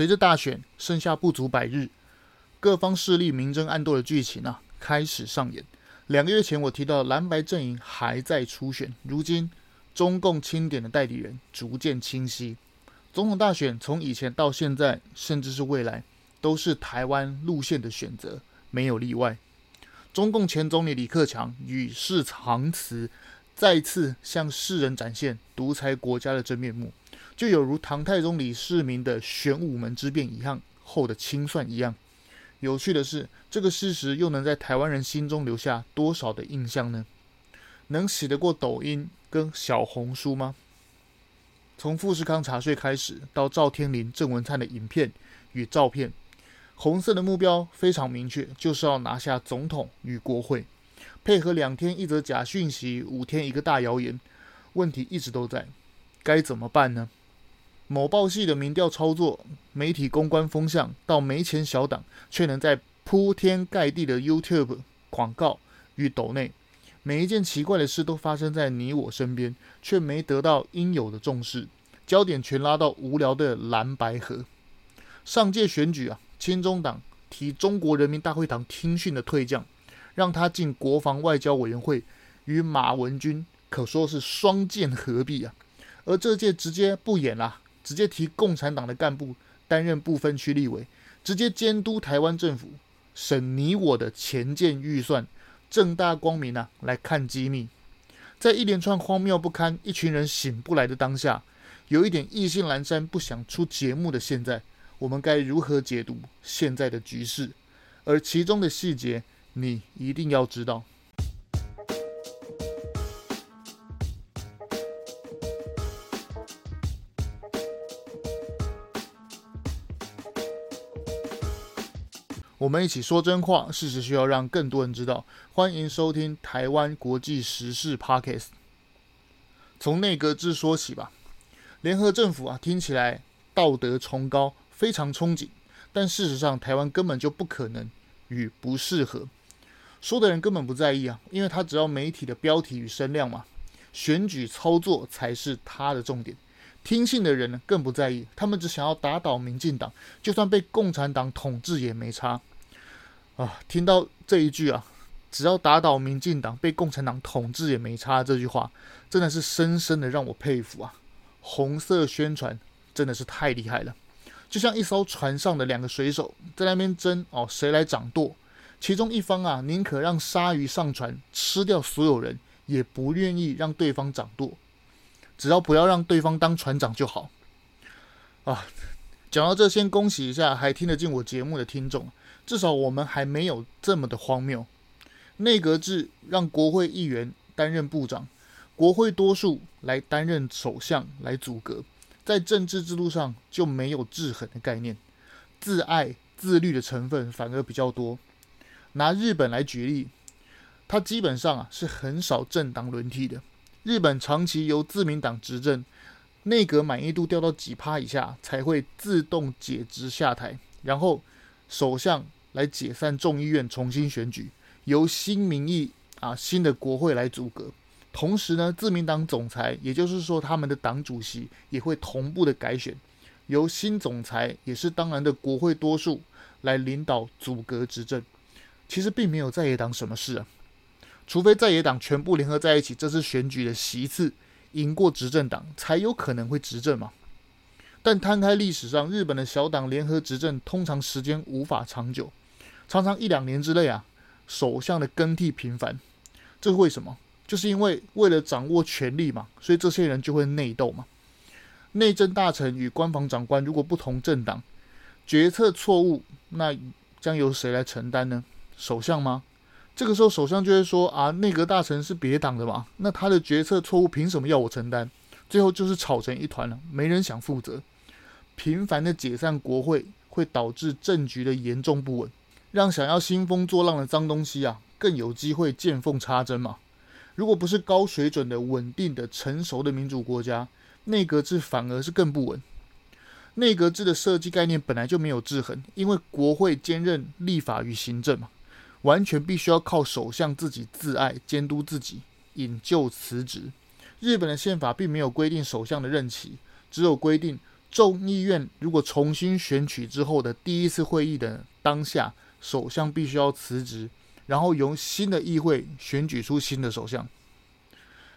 隨着大選剩下不足百日，各方勢力明爭暗鬥的劇情啊開始上演。兩個月前我提到的藍白陣營還在初選，如今中共欽點的代理人逐漸清晰。總統大選從以前到現在，甚至是未來，都是台灣路線的選擇，沒有例外。中共前總理李克強與世長辭，再次向世人展現獨裁國家的真面目。就有如唐太宗李世民的玄武門之變以後的清算一樣。有趣的是，這個事實又能在台灣人心中留下多少的印象呢？能洗得過抖音跟小紅書嗎？從富士康查稅開始，到趙天麟、鄭文燦的影片與照片，紅色的目標非常明確，就是要拿下總統與國會。配合兩天一則假訊息，五天一個大謠言，問題一直都在，該怎麼辦呢？某報系的民調操作、媒體公關風向，到沒錢小黨卻能在鋪天蓋地的 YouTube 廣告與抖內，每一件奇怪的事都發生在你我身邊，卻沒得到應有的重視。焦點全拉到無聊的藍白合。上屆選舉啊，親中黨提中國人民大會堂聽訓的退將，讓他進國防外交委員會與馬文君，可說是雙劍合璧啊。而這屆直接不演啦、啊。直接提共產黨的幹部擔任不分區立委，直接監督台灣政府審你我的潛艦預算，正大光明吶、啊、來看機密。在一連串荒謬不堪、一群人醒不來的當下，有一點意興闌珊、不想出節目的現在，我們該如何解讀現在的局勢？而其中的細節，你一定要知道。我們一起說真話，事實需要讓更多人知道。歡迎收聽《台灣國際時事 Podcast》。從內閣制說起吧。聯合政府啊，聽起來道德崇高，非常憧憬。但事實上，台灣根本就不可能與不適合。說的人根本不在意啊，因為他只要媒體的標題與聲量嘛。選舉操作才是他的重點。聽信的人呢，更不在意，他們只想要打倒民進黨，就算被共產黨統治也沒差。啊，聽到這一句啊，只要打倒民進黨，被共產黨統治也沒差。這句話真的是深深的讓我佩服啊！紅色宣傳真的是太厲害了，就像一艘船上的兩個水手在那邊爭哦，誰來掌舵？其中一方啊，寧可讓鯊魚上船吃掉所有人，也不願意讓對方掌舵。只要不要讓對方當船長就好，啊。講到這，先恭喜一下還聽得進我節目的聽眾，至少我們還沒有這麼的荒謬。內閣制讓國會議員擔任部長，國會多數來擔任首相來組閣，在政治制度上就沒有制衡的概念，自愛自律的成分反而比較多。拿日本來舉例，它基本上啊是很少政黨輪替的，日本長期由自民黨執政。內閣滿意度掉到幾趴以下，才會自動解職下台，然後首相來解散眾議院重新選舉，由新民意啊，新的國會來組閣。同時呢，自民黨總裁，也就是說他們的黨主席也會同步的改選，由新總裁也是當然的國會多數來領導組閣執政。其實並沒有在野黨什麼事啊，除非在野黨全部聯合在一起，這次選舉的席次。贏過執政黨才有可能會執政嘛，但攤開歷史上日本的小黨聯合執政，通常時間無法長久，常常一兩年之內啊，首相的更替頻繁，這是為什麼？就是因為為了掌握權力嘛，所以這些人就會內鬥嘛。內政大臣與官房長官如果不同政黨，決策錯誤，那將由誰來承擔呢？首相嗎？這個時候，首相就會說：“啊，內閣大臣是別黨的嘛，那他的決策錯誤憑什麼要我承擔？”最後就是吵成一團了啊，沒人想負責。頻繁的解散國會會導致政局的嚴重不穩，讓想要興風作浪的髒東西啊更有機會見縫插針嘛。如果不是高水準的穩定的成熟的民主國家，內閣制反而是更不穩。內閣制的設計概念本來就沒有制衡，因為國會兼任立法與行政嘛。完全必須要靠首相自己自愛，監督自己，引咎辭職。日本的憲法並沒有規定首相的任期，只有規定眾議院如果重新選舉之後的第一次會議的當下，首相必須要辭職，然後由新的議會選舉出新的首相。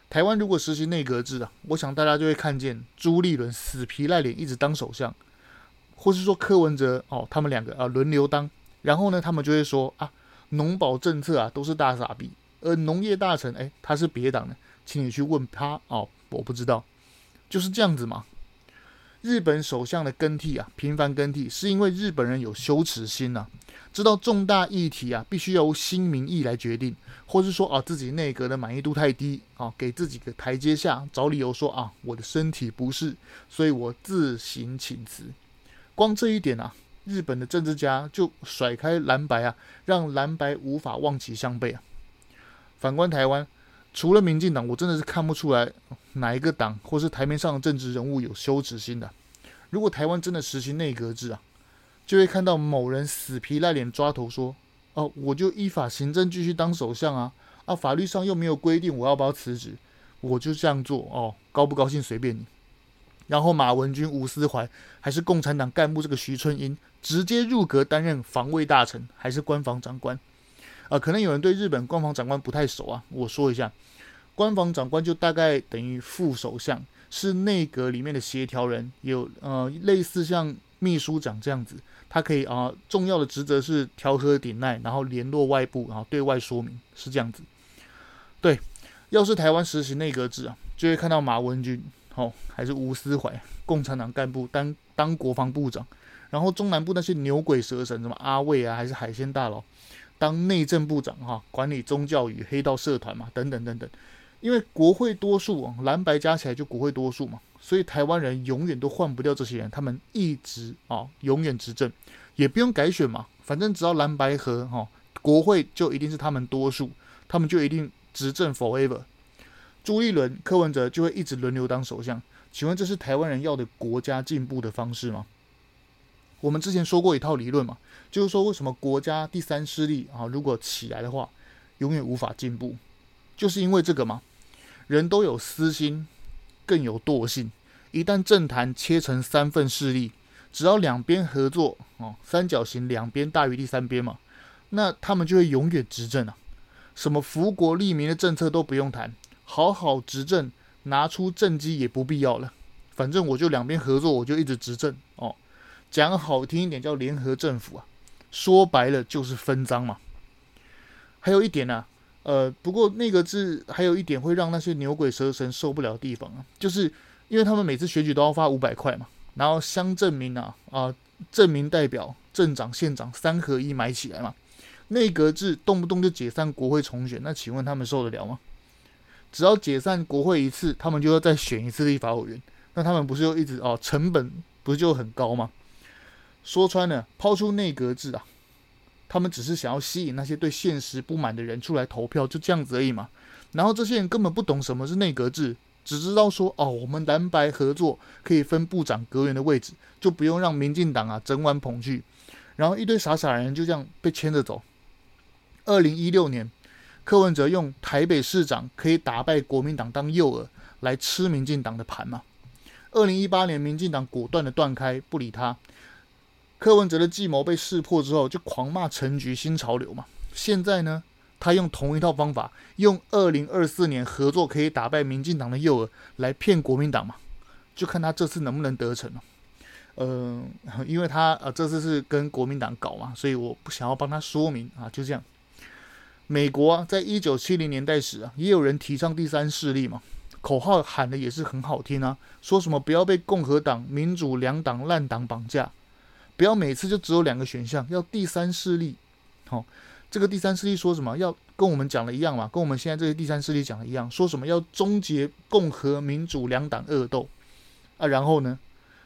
台灣如果實行內閣制啊，我想大家就會看見朱立倫死皮賴臉一直當首相，或是說柯文哲哦，他們兩個啊輪流當，然後呢，他們就會說啊。農保政策啊，都是大傻逼。而農業大臣，誒，他是別黨的，請你去問他哦，我不知道，就是這樣子嘛。日本首相的更替啊，頻繁更替，是因為日本人有羞恥心吶、啊，知道重大議題啊，必須要由新民意來決定，或是說啊，自己內閣的滿意度太低啊，給自己的台階下，找理由說啊，我的身體不適，所以我自行請辭。光這一點啊。日本的政治家就甩開藍白啊，讓藍白無法望其項背啊。反觀台灣，除了民進黨，我真的是看不出來哪一個黨或是台面上的政治人物有羞恥心的。如果台灣真的實行內閣制啊，就會看到某人死皮賴臉抓頭說：“哦，我就依法行政，繼續當首相啊啊！法律上又沒有規定我要不要辭職，我就這樣做哦，高不高興隨便你。”然後馬文君、吳思懷，還是共產黨幹部這個徐春英，直接入閣擔任防衛大臣，還是官房長官。啊、呃，可能有人對日本官房長官不太熟啊，我說一下，官房長官就大概等於副首相，是內閣裡面的協調人，有呃類似像秘書長這樣子，他可以啊、呃、重要的職責是調和鼎鼐，然後聯絡外部，然後對外說明，是這樣子。對，要是台灣實行內閣制啊，就會看到馬文君。好、哦，還是吳斯懷，共產黨幹部當當國防部長，然後中南部那些牛鬼蛇神，什麼阿偉啊，還是海鮮大佬，當內政部長哈、啊，管理宗教與黑道社團嘛，等等等等。因為國會多數，藍白加起來就國會多數嘛，所以台灣人永遠都換不掉這些人，他們一直啊，永遠執政，也不用改選嘛，反正只要藍白合哈、啊，國會就一定是他們多數，他們就一定執政 forever。朱立倫、柯文哲就會一直輪流當首相，請問這是台灣人要的國家進步的方式嗎？我們之前說過一套理論嘛，就是說為什麼國家第三勢力啊，如果起來的話，永遠無法進步，就是因為這個嘛。人都有私心，更有惰性。一旦政壇切成三份勢力，只要兩邊合作啊，三角形兩邊大於第三邊嘛，那他們就會永遠執政啊，什麼福國利民的政策都不用談。好好執政，拿出政績也不必要了。反正我就兩邊合作，我就一直執政哦。講好聽一點叫聯合政府啊，說白了就是分贓嘛。還有一點呢、啊，呃，不過內閣制還有一點會讓那些牛鬼蛇神受不了的地方啊，就是因為他們每次選舉都要發五百塊嘛，然後鄉鎮民啊啊，鎮、呃、民代表、鎮長、縣長三合一買起來嘛。內閣制動不動就解散國會重選，那請問他們受得了嗎？只要解散國會一次，他們就要再選一次立法委員，那他們不是就一直哦？成本不是就很高嗎？說穿了，拋出內閣制啊，他們只是想要吸引那些對現實不滿的人出來投票，就這樣子而已嘛。然後這些人根本不懂什麼是內閣制，只知道說哦，我們藍白合作可以分部長、閣員的位置，就不用讓民進黨啊整碗捧去。然後一堆傻傻的人就這樣被牽着走。二零一六年。柯文哲用台北市長可以打敗國民黨當誘餌來吃民進黨的盤嘛。二零一八年民進黨果斷的斷開不理他，柯文哲的計謀被識破之後就狂罵陳菊新潮流嘛。現在呢，他用同一套方法，用二零二四年合作可以打敗民進黨的誘餌來騙國民黨嘛。就看他這次能不能得逞了。嗯、呃，因為他呃這次是跟國民黨搞嘛，所以我不想要幫他說明啊，就這樣。美國啊，在一九七零年代時啊，也有人提倡第三勢力嘛，口號喊的也是很好聽啊，說什麼不要被共和黨、民主兩黨爛黨綁架，不要每次就只有兩個選項，要第三勢力。好、哦，這個第三勢力說什麼？要跟我們講的一樣嘛，跟我們現在這個第三勢力講的一樣，說什麼要終結共和、民主兩黨惡鬥啊。然後呢，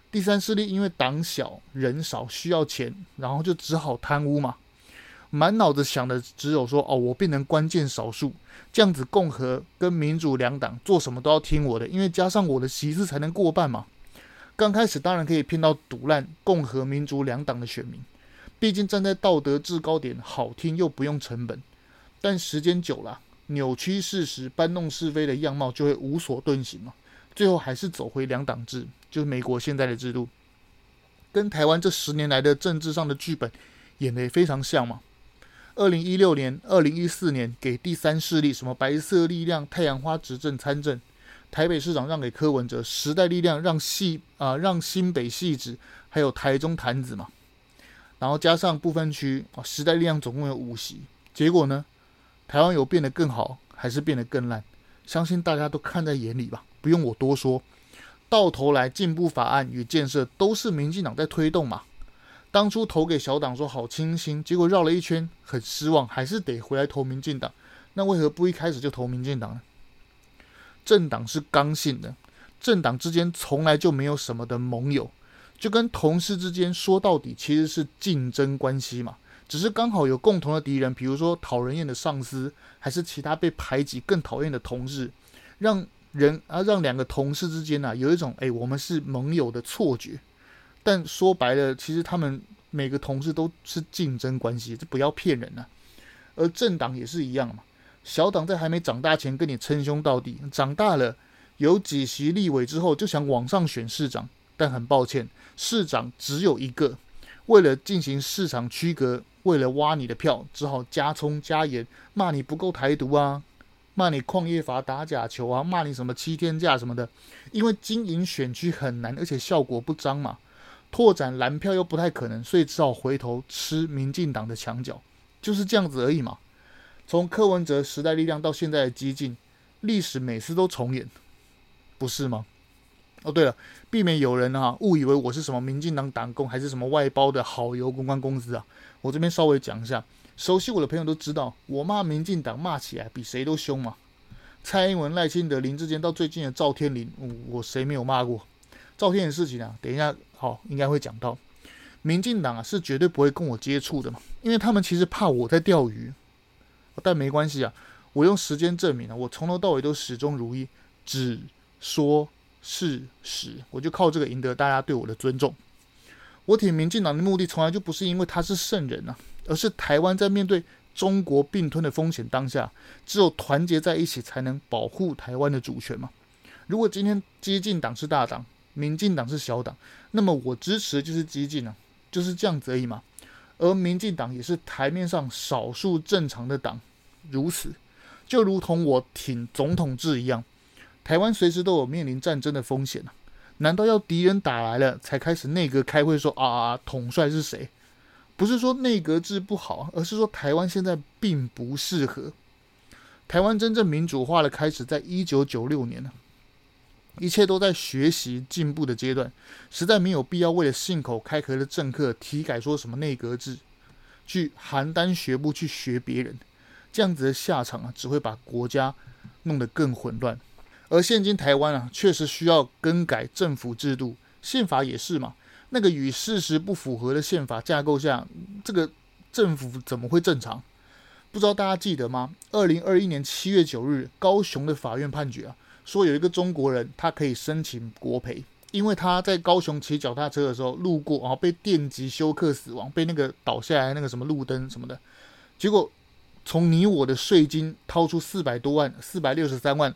第三勢力因為黨小人少，需要錢，然後就只好貪污嘛。滿腦子想的只有說哦，我變成關鍵少數，這樣子共和跟民主兩黨做什麼都要聽我的，因為加上我的席次才能過半嘛。剛開始當然可以騙到賭爛共和民主兩黨的選民，畢竟站在道德制高點，好聽又不用成本。但時間久了，扭曲事實、搬弄是非的樣貌就會無所遁形嘛。最後還是走回兩黨制，就是美國現在的制度，跟台灣這十年來的政治上的劇本演得也非常像嘛。二零一六年、二零一四年給第三勢力什麼白色力量、太陽花執政參政，台北市長讓給柯文哲，時代力量讓席啊讓新北席次，還有台中坛子嘛，然後加上不分區啊，時代力量總共有五席。結果呢，台灣有變得更好還是變得更爛？相信大家都看在眼裡吧，不用我多說。到頭來，進步法案與建設都是民進黨在推動嘛。當初投給小黨說好清新，結果繞了一圈，很失望，還是得回來投民進黨。那為何不一開始就投民進黨呢？政黨是剛性的，政黨之間從來就沒有什麼的盟友，就跟同事之間說到底其實是競爭關係嘛，只是剛好有共同的敵人，比如說討人厭的上司，還是其他被排擠更討厭的同事，讓人啊讓兩個同事之間吶、啊、有一種誒、哎，我們是盟友的錯覺。但說白了，其實他們每個同事都是競爭關係，這不要騙人吶、啊。而政黨也是一樣嘛，小黨在還沒長大前跟你稱兄道弟，長大了有幾席立委之後就想往上選市長。但很抱歉，市長只有一個。為了進行市場區隔，為了挖你的票，只好加蔥加鹽，罵你不夠台獨啊，罵你礦業法打假球啊，罵你什麼七天假什麼的。因為經營選區很難，而且效果不彰嘛。拓展藍票又不太可能，所以只好回頭吃民進黨的牆角，就是這樣子而已嘛。從柯文哲時代力量到現在的基進，歷史每次都重演，不是嗎？哦，對了，避免有人哈、啊、誤以為我是什麼民進黨黨工，還是什麼外包的好友公關公司啊，我這邊稍微講一下，熟悉我的朋友都知道，我罵民進黨罵起來比誰都兇嘛。蔡英文、賴清德、林智堅到最近的趙天麟，我，我誰沒有罵過？趙天麟的事情啊，等一下。好，應該會講到，民進黨、啊、是絕對不會跟我接觸的嘛，因為他們其實怕我在釣魚，但沒關係啊，我用時間證明了、啊，我從頭到尾都始終如一，只說事實，我就靠這個贏得大家對我的尊重。我挺民進黨的目的，從來就不是因為他是聖人啊，而是台灣在面對中國併吞的風險當下，只有團結在一起，才能保護台灣的主權嘛。如果今天基進黨是大黨，民進黨是小黨，那麼我支持就是激進啊，就是這樣子而已嘛。而民進黨也是台面上少數正常的黨，如此就如同我挺總統制一樣，台灣隨時都有面臨戰爭的風險啊，難道要敵人打來了才開始內閣開會說啊，統帥是誰？不是說內閣制不好，而是說台灣現在並不適合。台灣真正民主化的開始在一九九六年啊。一切都在學習進步的階段，實在沒有必要為了信口開河的政客提改說什麼內閣制，去邯鄲學步去學別人，這樣子的下場啊，只會把國家弄得更混亂。而現今台灣啊，確實需要更改政府制度，憲法也是嘛。那個與事實不符合的憲法架構下，這個政府怎麼會正常？不知道大家記得嗎？二零二一年七月九日，高雄的法院判決啊。說有一個中國人，他可以申請國賠，因為他在高雄騎腳踏車的時候路過、啊，然後被電擊休克死亡，被那個倒下來那個什麼路燈什麼的，結果從你我的稅金掏出四百多萬，四百六十三萬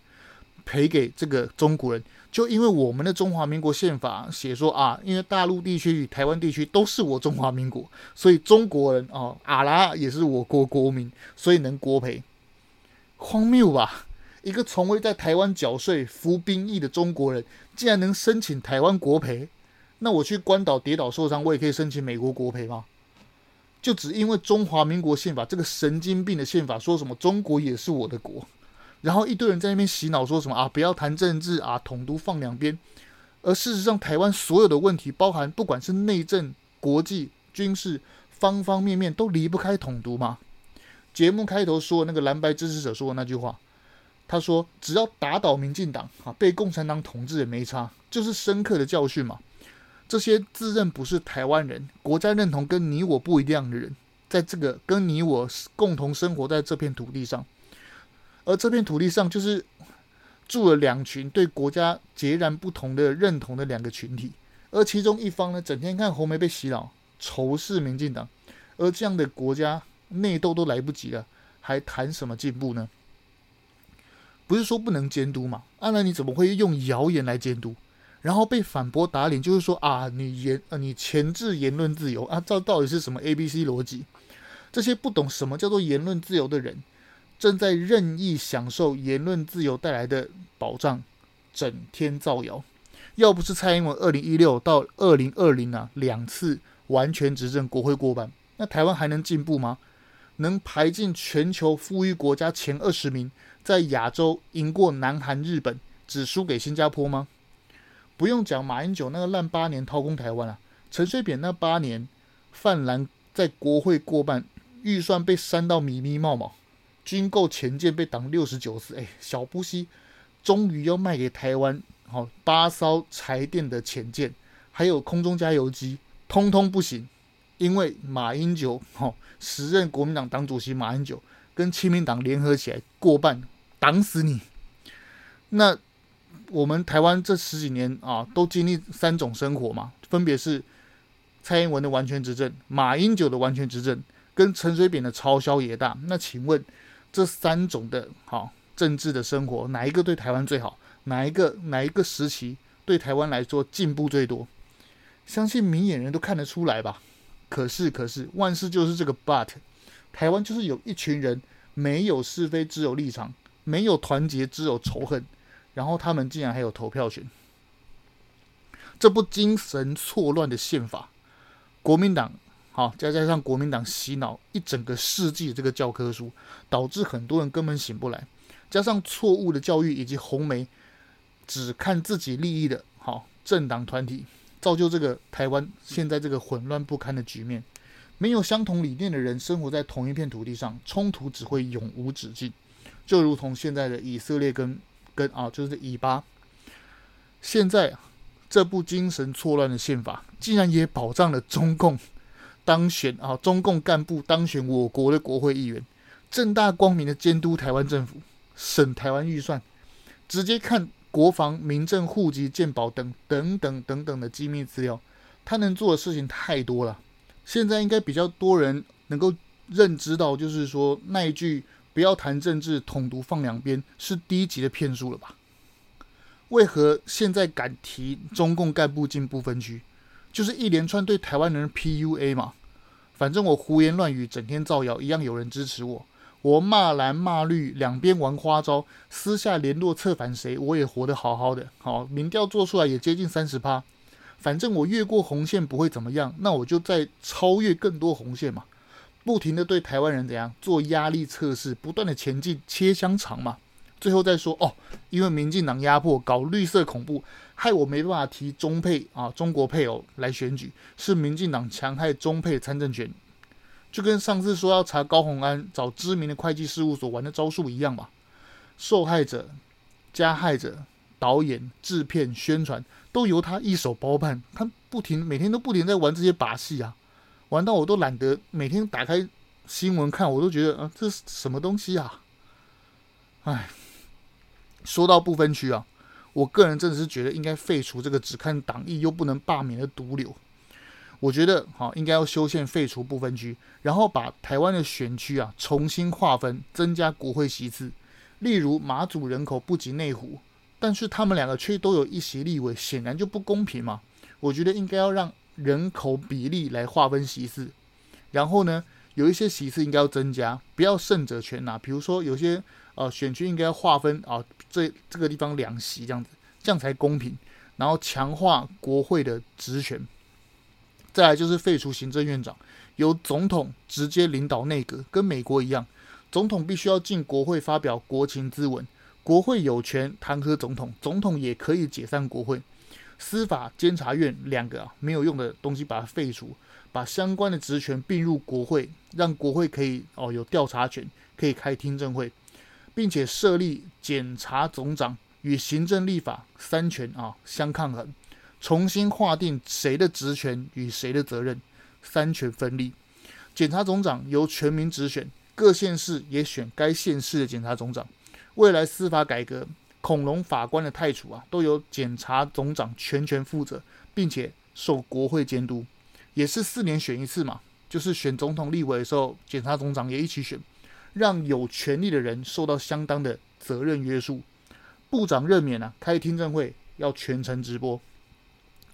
賠給這個中國人，就因為我們的中華民國憲法寫說啊，因為大陸地區與台灣地區都是我中華民國，所以中國人啊，阿拉也是我國國民，所以能國賠，荒謬吧？一個從未在台灣繳稅、服兵役的中國人，竟然能申請台灣國賠，那我去關島跌倒受傷，我也可以申請美國國賠嗎？就只因為中華民國憲法這個神經病的憲法說什麼中國也是我的國，然後一堆人在那邊洗腦說什麼啊不要談政治啊統獨放兩邊，而事實上台灣所有的問題，包含不管是內政、國際、軍事方方面面，都離不開統獨嗎？節目開頭說那個藍白支持者說的那句話。他說：“只要打倒民進黨啊，被共產黨統治也沒差，就是深刻的教訓嘛。這些自認不是台灣人、國家認同跟你我不一樣的人，在這個跟你我共同生活在這片土地上，而這片土地上就是住了兩群對國家截然不同的認同的兩個群體，而其中一方呢，整天看紅媒被洗腦，仇視民進黨，而這樣的國家內鬥都來不及了，還談什麼進步呢？”不是說不能監督嗎？阿、啊、那你怎麼會用謠言來監督，然後被反駁打臉？就是說啊，你言呃、啊，你鉗制言論自由啊，這到底是什麼 A B C 邏輯？這些不懂什麼叫做言論自由的人，正在任意享受言論自由帶來的保障，整天造謠。要不是蔡英文二零一六到二零二零啊兩次完全執政國會過半，那台灣還能進步嗎？能排進全球富裕國家前二十名？在亞洲贏過南韓、日本，只輸給新加坡嗎？不用講馬英九那個爛八年掏空台灣了，啊，陳水扁那八年泛藍在國會過半，預算被刪到米米冒冒，軍購潛艦被擋六十九次，哎、欸，小布希終於要賣給台灣，好，哦，八艘柴電的潛艦，還有空中加油機，通通不行，因為馬英九，好，哦，時任國民黨黨主席馬英九。跟親民黨聯合起來過半，打死你！那我們台灣這十幾年啊，都經歷三種生活嘛，分別是蔡英文的完全執政、馬英九的完全執政，跟陳水扁的朝小野大。那請問這三種的好、啊、政治的生活，哪一個對台灣最好？哪一個哪一個時期對台灣來說進步最多？相信明眼人都看得出來吧？可是可是，萬事就是這個 but。台灣就是有一群人沒有是非，只有立場；沒有團結，只有仇恨。然後他們竟然還有投票權，這部精神錯亂的憲法，國民黨好，再加上國民黨洗腦一整個世紀的這個教科書，導致很多人根本醒不來。加上錯誤的教育以及紅媒只看自己利益的，好政黨團體，造就這個台灣現在這個混亂不堪的局面。沒有相同理念的人生活在同一片土地上，衝突只會永無止境。就如同現在的以色列跟跟啊，就是以巴。現在這部精神錯亂的憲法，竟然也保障了中共當選啊，中共幹部當選我國的國會議員，正大光明的監督台灣政府，審台灣預算，直接看國防、民政、戶籍、健保等，等等等等的機密資料，他能做的事情太多了。現在應該比較多人能夠認知到，就是說那一句“不要談政治，統獨放兩邊”是低級的騙術了吧？為何現在敢提中共幹部進不分區，就是一連串對台灣人的 PUA 嘛？反正我胡言亂語，整天造謠，一樣有人支持我。我罵藍罵綠，兩邊玩花招，私下聯絡策反誰，我也活得好好的。好，民調做出來也接近三十趴。反正我越過紅線不會怎麼樣，那我就再超越更多紅線嘛，不停的對台灣人怎樣做壓力測試，不斷的前進切香腸嘛，最後再說哦，因為民進黨壓迫搞綠色恐怖，害我沒辦法提中配啊中國配偶來選舉，是民進黨強害中配參政權，就跟上次說要查高虹安找知名的會計事務所玩的招數一樣嘛，受害者，加害者。導演、製片、宣傳都由他一手包辦，他不停每天都不停在玩這些把戲啊，玩到我都懶得每天打開新聞看，我都覺得啊，這是什麼東西啊？哎，說到不分區啊，我個人真的是覺得應該廢除這個只看黨意又不能罷免的毒瘤。我覺得好，啊，應該要修憲廢除不分區，然後把台灣的選區啊重新劃分，增加國會席次，例如馬祖人口不及內湖。但是他們兩個卻都有一席立委，顯然就不公平嘛。我覺得應該要讓人口比例來劃分席次，然後呢，有一些席次應該要增加，不要勝者全拿啊。比如說有些呃選區應該要劃分啊，呃，這這個地方兩席這樣子，這樣才公平。然後強化國會的職權，再來就是廢除行政院長，由總統直接領導內閣，跟美國一樣，總統必須要進國會發表國情諮文。國會有權彈劾總統，總統也可以解散國會。司法監察院兩個啊沒有用的東西，把它廢除，把相關的職權併入國會，讓國會可以哦有調查權，可以開聽證會，並且設立檢察總長，與行政立法三權啊相抗衡，重新劃定誰的職權與誰的責任，三權分立。檢察總長由全民直選，各縣市也選該縣市的檢察總長。未來司法改革，恐龍法官的汰除啊，都由檢察總長全權負責，並且受國會監督，也是四年選一次嘛，就是選總統、立委的時候，檢察總長也一起選，讓有權力的人受到相當的責任約束。部長任免啊，開聽證會要全程直播，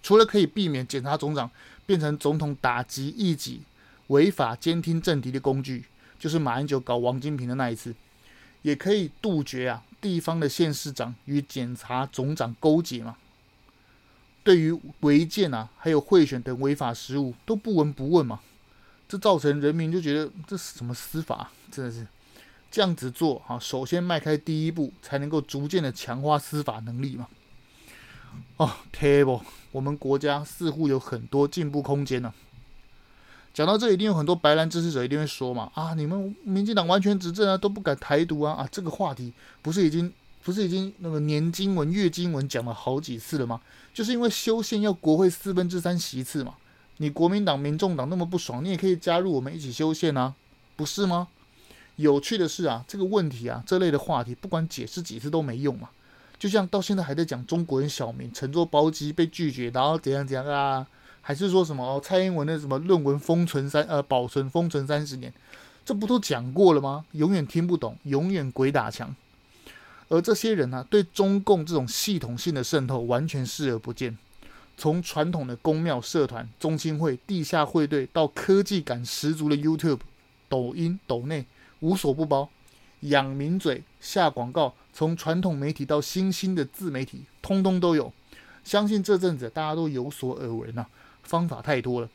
除了可以避免檢察總長變成總統打擊異己、違法監聽政敵的工具，就是馬英九搞王金平的那一次。也可以杜絕啊，地方的縣市長與檢察總長勾結嘛。對於違建啊，還有賄選等違法事務都不聞不問嘛。這造成人民就覺得這是什麼司法啊？真的是這樣子做啊？首先邁開第一步，才能夠逐漸的強化司法能力嘛。哦，table，我們國家似乎有很多進步空間呢，啊。講到這，一定有很多白藍支持者一定會說嘛，啊，你們民進黨完全執政啊，都不敢台獨啊，啊，這個話題不是已經不是已經那個年經文、月經文講了好幾次了嗎？就是因為修憲要國會四分之三席次嘛，你國民黨、民眾黨那麼不爽，你也可以加入我們一起修憲啊，不是嗎？有趣的是啊，這個問題啊，這類的話題，不管解釋幾次都沒用嘛，就像到現在還在講中國人小明乘坐包機被拒絕，然後怎樣怎樣啊。還是說什麼哦？蔡英文的什麼論文封存三呃保存封存三十年，這不都講過了嗎？永遠聽不懂，永遠鬼打牆。而這些人呢、啊，對中共這種系統性的滲透完全視而不見。從傳統的公廟社團、中心會、地下會隊，到科技感十足的 YouTube、抖音、抖內，無所不包。養名嘴下廣告，從傳統媒體到新興的自媒體，通通都有。相信這陣子大家都有所耳聞吶、啊。方法太多了，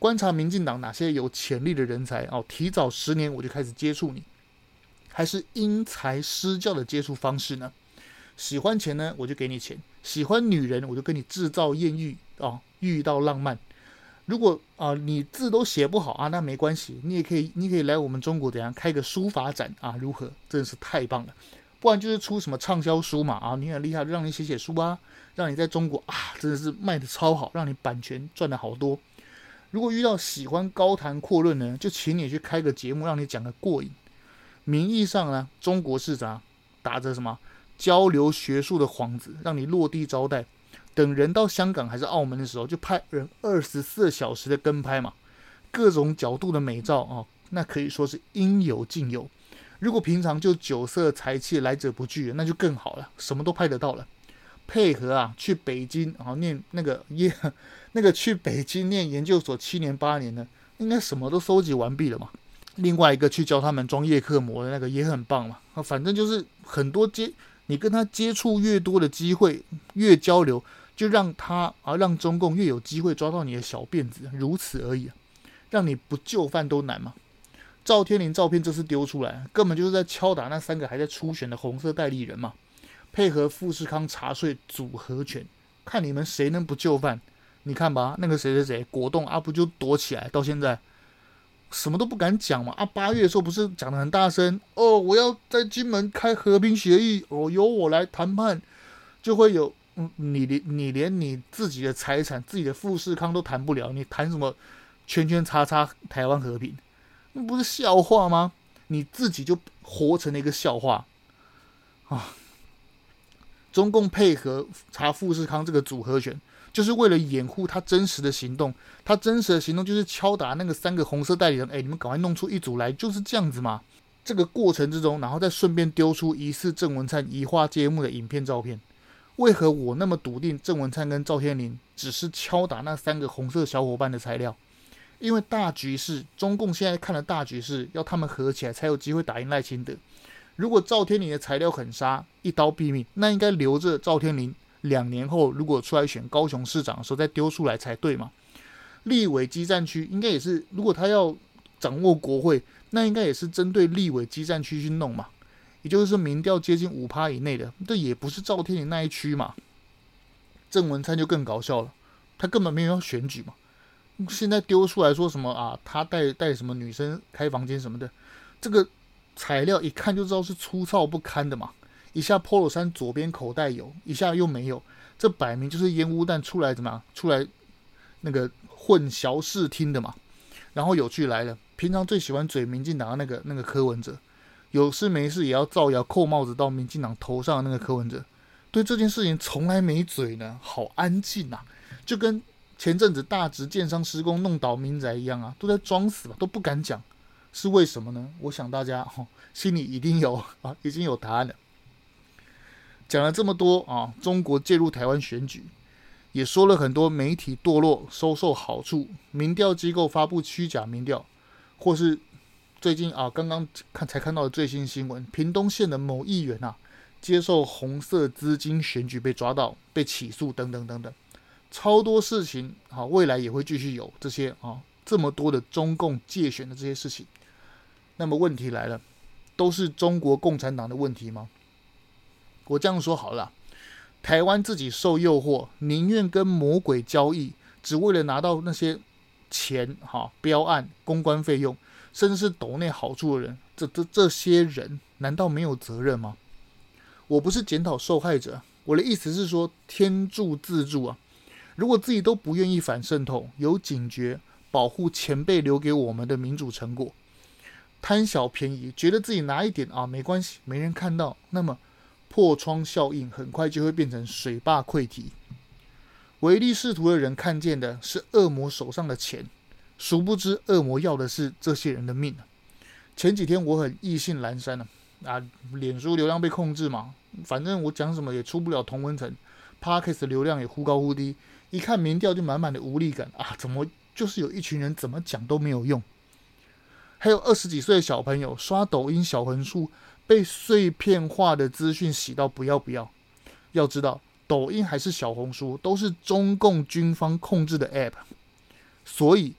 觀察民進黨哪些有潛力的人才哦，提早十年我就開始接觸你，還是因材施教的接觸方式呢？喜歡錢呢，我就給你錢；喜歡女人，我就跟你制造豔遇啊、哦，遇到浪漫。如果啊、呃，你字都寫不好啊，那沒關係，你也可以，你可以來我們中國等下開個書法展啊？如何？真是太棒了。不然就是出什麼暢銷書嘛啊，你很厲害，讓你寫寫書吧。讓你在中國啊，真的是賣的超好，讓你版權賺了好多。如果遇到喜歡高談闊論呢，就請你去開個節目，讓你講個過癮。名義上呢，中國市場打着什麼交流學術的幌子，讓你落地招待。等人到香港還是澳門的時候，就派人二十四小時的跟拍嘛，各種角度的美照啊，那可以說是應有盡有。如果平常就酒色財氣來者不拒，那就更好了，什麼都拍得到了。配合啊，去北京啊念那個耶，那個去北京念研究所七年八年的應該什麼都收集完畢了嘛。另外一個去教他們裝葉克膜的那個也很棒嘛，啊、反正就是很多接你跟他接觸越多的機會，越交流，就讓他啊，讓中共越有機會抓到你的小辮子，如此而已、啊。讓你不就範都難嘛。趙天麟照片這次丟出來，根本就是在敲打那三個還在初選的紅色代理人嘛。配合富士康查稅組合拳，看你們誰能不就範？你看吧，那個誰誰誰，郭董啊，不就躲起來？到現在，什麼都不敢講嘛。啊，八月的時候不是講得很大聲哦，我要在金門開和平協議，哦，由我來談判，就會有嗯，你連你連你自己的財產，自己的富士康都談不了，你談什麼圈圈叉叉台灣和平？那不是笑話嗎？你自己就活成了一個笑話啊！中共配合查富士康這個組合拳，就是為了掩護他真實的行動。他真實的行動就是敲打那個三個紅色代理人，哎，你們趕快弄出一組來，就是這樣子嘛。這個過程之中，然後再順便丟出疑似鄭文燦移花接木的影片照片。為何我那麼篤定鄭文燦跟趙天麟只是敲打那三個紅色小伙伴的材料？因為大局勢中共現在看了大局勢，要他們合起來才有機會打贏賴清德。如果趙天麟的材料很殺，一刀斃命，那應該留着趙天麟兩年後，如果出來選高雄市長的時候再丟出來才對嘛。立委激戰區應該也是，如果他要掌握國會，那應該也是針對立委激戰區去弄嘛。也就是說，民調接近五趴以內的，這也不是趙天麟那一區嘛。鄭文燦就更搞笑了，他根本沒有要選舉嘛，現在丟出來說什麼啊，他帶帶什麼女生開房間什麼的，這個。材料一看就知道是粗糙不堪的嘛，一下 polo 衫左邊口袋有，一下又沒有，這擺明就是煙霧彈出來怎麼？出來那個混淆視聽的嘛。然後有趣來了，平常最喜歡嘴民進黨的那個那個柯文哲，有事沒事也要造謠扣帽子到民進黨頭上那個柯文哲，對這件事情從來沒嘴呢，好安靜啊，就跟前陣子大直建商施工弄倒民宅一樣啊，都在裝死了，都不敢講。是為什麼呢？我想大家心裡一定有啊，已經有答案了。講了這麼多啊，中國介入台灣選舉，也說了很多媒體墮落、收受好處、民調機構發布虛假民調，或是最近啊，剛剛看才看到的最新新聞，屏東縣的某議員啊，接受紅色資金選舉被抓到、被起訴等等等等，超多事情啊，未來也會繼續有這些啊，這麼多的中共介選的這些事情。那麼問題來了，都是中國共產黨的問題嗎？我這樣說好了，台灣自己受誘惑，寧願跟魔鬼交易，只為了拿到那些錢、哈、啊、標案、公關費用，甚至是斗內好處的人，這這這些人難道沒有責任嗎？我不是檢討受害者，我的意思是說，天助自助啊！如果自己都不願意反滲透，有警覺，保護前輩留給我們的民主成果。貪小便宜，覺得自己拿一點啊沒關係，沒人看到，那麼破窗效應很快就會變成水壩潰堤。唯利是圖的人看見的是惡魔手上的錢，殊不知惡魔要的是這些人的命啊！前幾天我很意興闌珊呢，啊，啊，臉書流量被控制嘛，反正我講什麼也出不了同溫層，Podcast 流量也忽高忽低，一看民調就滿滿的無力感啊！怎麼就是有一群人怎麼講都沒有用？還有二十幾歲的小朋友刷抖音、小紅書，被碎片化的資訊洗到不要不要。要知道，抖音還是小紅書都是中共軍方控制的 App，所以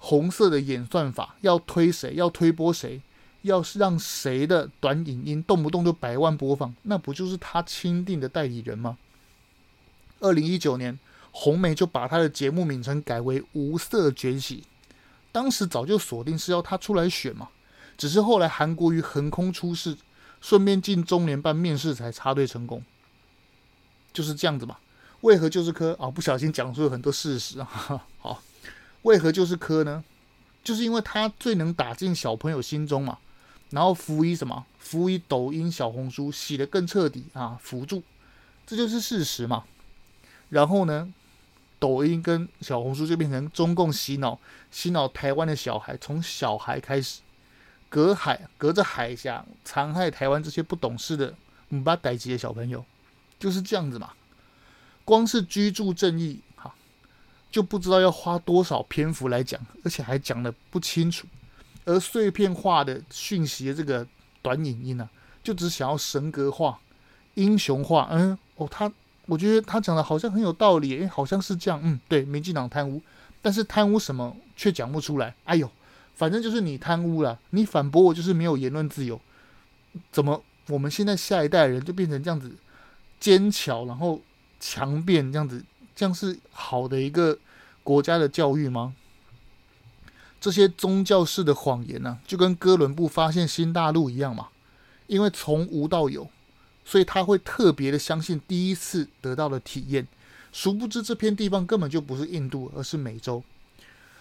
紅色的演算法要推誰，要推播誰，要是讓誰的短影音動不動就百萬播放，那不就是他欽定的代理人嗎？二零一九年，紅媒就把他的節目名稱改為《無色覺醒》。當時早就鎖定是要他出來選嘛，只是後來韓國瑜橫空出世，順便進中聯辦面試才插隊成功，就是這樣子嘛。為何就是柯啊？不小心講出了很多事實啊。好，為何就是柯呢？就是因為他最能打進小朋友心中嘛，然後輔以什麼？輔以抖音、小紅書洗得更徹底啊，輔助這就是事實嘛。然後呢？抖音跟小紅書就變成中共洗腦，洗腦台灣的小孩，從小孩開始，隔海隔着海峽殘害台灣這些不懂事的母巴代級的小朋友，就是這樣子嘛。光是居住正義哈，就不知道要花多少篇幅來講，而且還講得不清楚。而碎片化的訊息的這個短影音呢、啊，就只想要神格化、英雄化，嗯，哦他。我覺得他講的好像很有道理，誒，好像是這樣，嗯，對，民進黨貪污，但是貪污什麼卻講不出來，哎呦，反正就是你貪污啦，你反駁我就是沒有言論自由，怎麼我們現在下一代人就變成這樣子，姦巧然後強辯這樣子，這樣是好的一個國家的教育嗎？這些宗教式的謊言呢、啊，就跟哥倫布發現新大陸一樣嘛，因為從無到有。所以他會特別的相信第一次得到的體驗，殊不知這片地方根本就不是印度，而是美洲。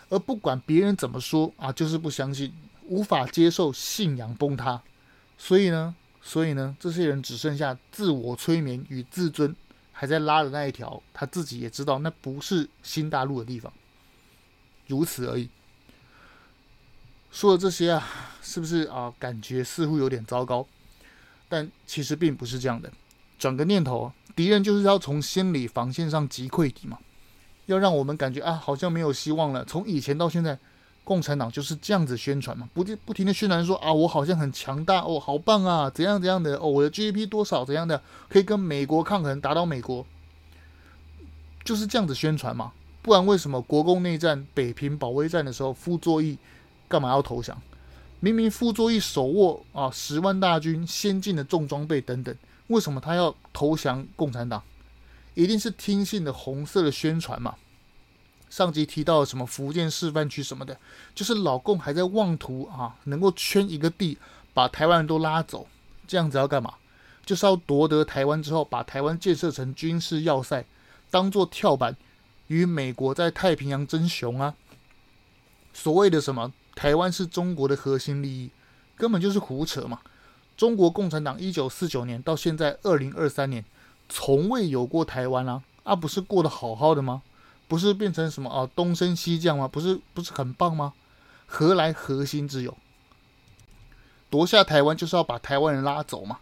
而不管別人怎麼說啊，就是不相信，無法接受信仰崩塌。所以呢，所以呢，這些人只剩下自我催眠與自尊，還在拉的那一條，他自己也知道那不是新大陸的地方，如此而已。說了這些啊，是不是啊？感覺似乎有點糟糕。但其實並不是這樣的，轉個念頭，敵人就是要從心理防線上擊潰你嘛，要讓我們感覺啊，好像沒有希望了。從以前到現在，共產黨就是這樣子宣傳嘛，不停不停的宣傳說啊，我好像很強大哦，好棒啊，怎樣怎樣的哦，我的 GDP 多少怎樣的，可以跟美國抗衡，打倒美國，就是這樣子宣傳嘛。不然為什麼國共內戰、北平保衛戰的時候，傅作義幹嘛要投降？明明傅作義手握啊十萬大軍、先進的重裝備等等，為什麼他要投降共產黨？一定是聽信了紅色的宣傳嘛。上集提到了什麼福建示範區什麼的，就是老共還在妄圖啊能夠圈一個地，把台灣人都拉走，這樣子要幹嘛？就是要奪得台灣之後，把台灣建設成軍事要塞，當做跳板，與美國在太平洋爭雄啊。所謂的什麼？台灣是中國的核心利益，根本就是胡扯嘛！中國共產黨一九四九年到現在二零二三年，從未有過台灣啦，啊，啊，不是過得好好的嗎？不是變成什麼啊東升西降嗎？不是不是很棒嗎？何來核心之有？奪下台灣就是要把台灣人拉走嘛，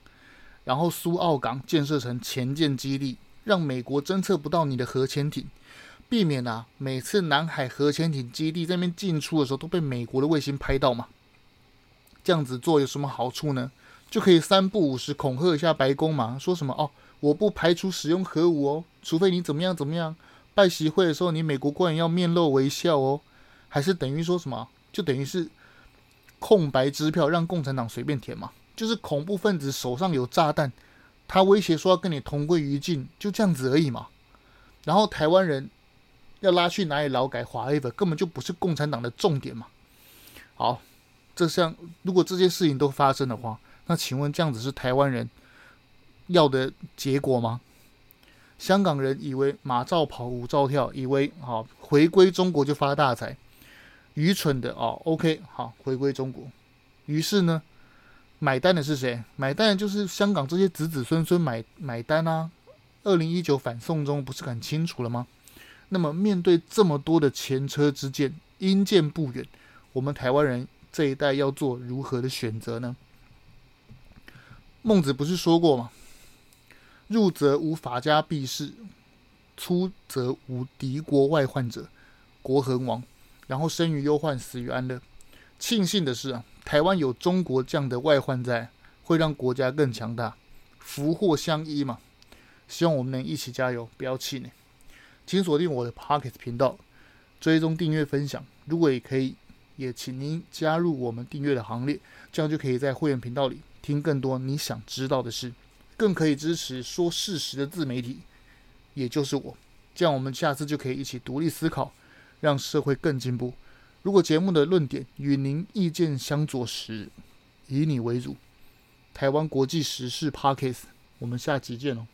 然後蘇澳港建設成前進基地，讓美國偵測不到你的核潛艇。避免啊，每次南海核潛艇基地這邊進出的時候都被美國的衛星拍到嘛？這樣子做有什麼好處呢？就可以三不五時恐嚇一下白宮嘛？說什麼哦，我不排除使用核武哦，除非你怎麼樣怎麼樣，拜習會的時候你美國官員要面露微笑哦，還是等於說什麼？就等於是空白支票，讓共產黨隨便填嘛？就是恐怖分子手上有炸彈，他威脅說要跟你同歸於盡，就這樣子而已嘛？然後台灣人。要拉去哪裡勞改？華為根本就不是共產黨的重點嘛。好，這像如果這些事情都發生的話，那請問這樣子是台灣人要的結果嗎？香港人以為馬照跑，舞照跳，以為好回歸中國就發大財，愚蠢的哦。OK，好，回歸中國，於是呢，買單的是誰？買單的就是香港這些子子孫孫買買單啊。二零一九反送中不是很清楚了嗎？那麼面對這麼多的前車之鑑，殷鑑不遠，我們台灣人這一代要做如何的選擇呢？孟子不是說過嗎？入則無法家拂士，出則無敵國外患者，國恆亡。然後生於憂患，死於安樂。慶幸的是啊，台灣有中國這樣的外患在，會讓國家更強大，福禍相依嘛。希望我們能一起加油，不要氣餒。請鎖定我的 Podcast 頻道，追蹤、訂閱、分享。如果也可以，也請您加入我們訂閱的行列，這樣就可以在會員頻道裡聽更多你想知道的事，更可以支持說事實的自媒體，也就是我。這樣我們下次就可以一起獨立思考，讓社會更進步。如果節目的論點與您意見相左時，以你為主。台灣國際時事 Podcast，我們下集見哦。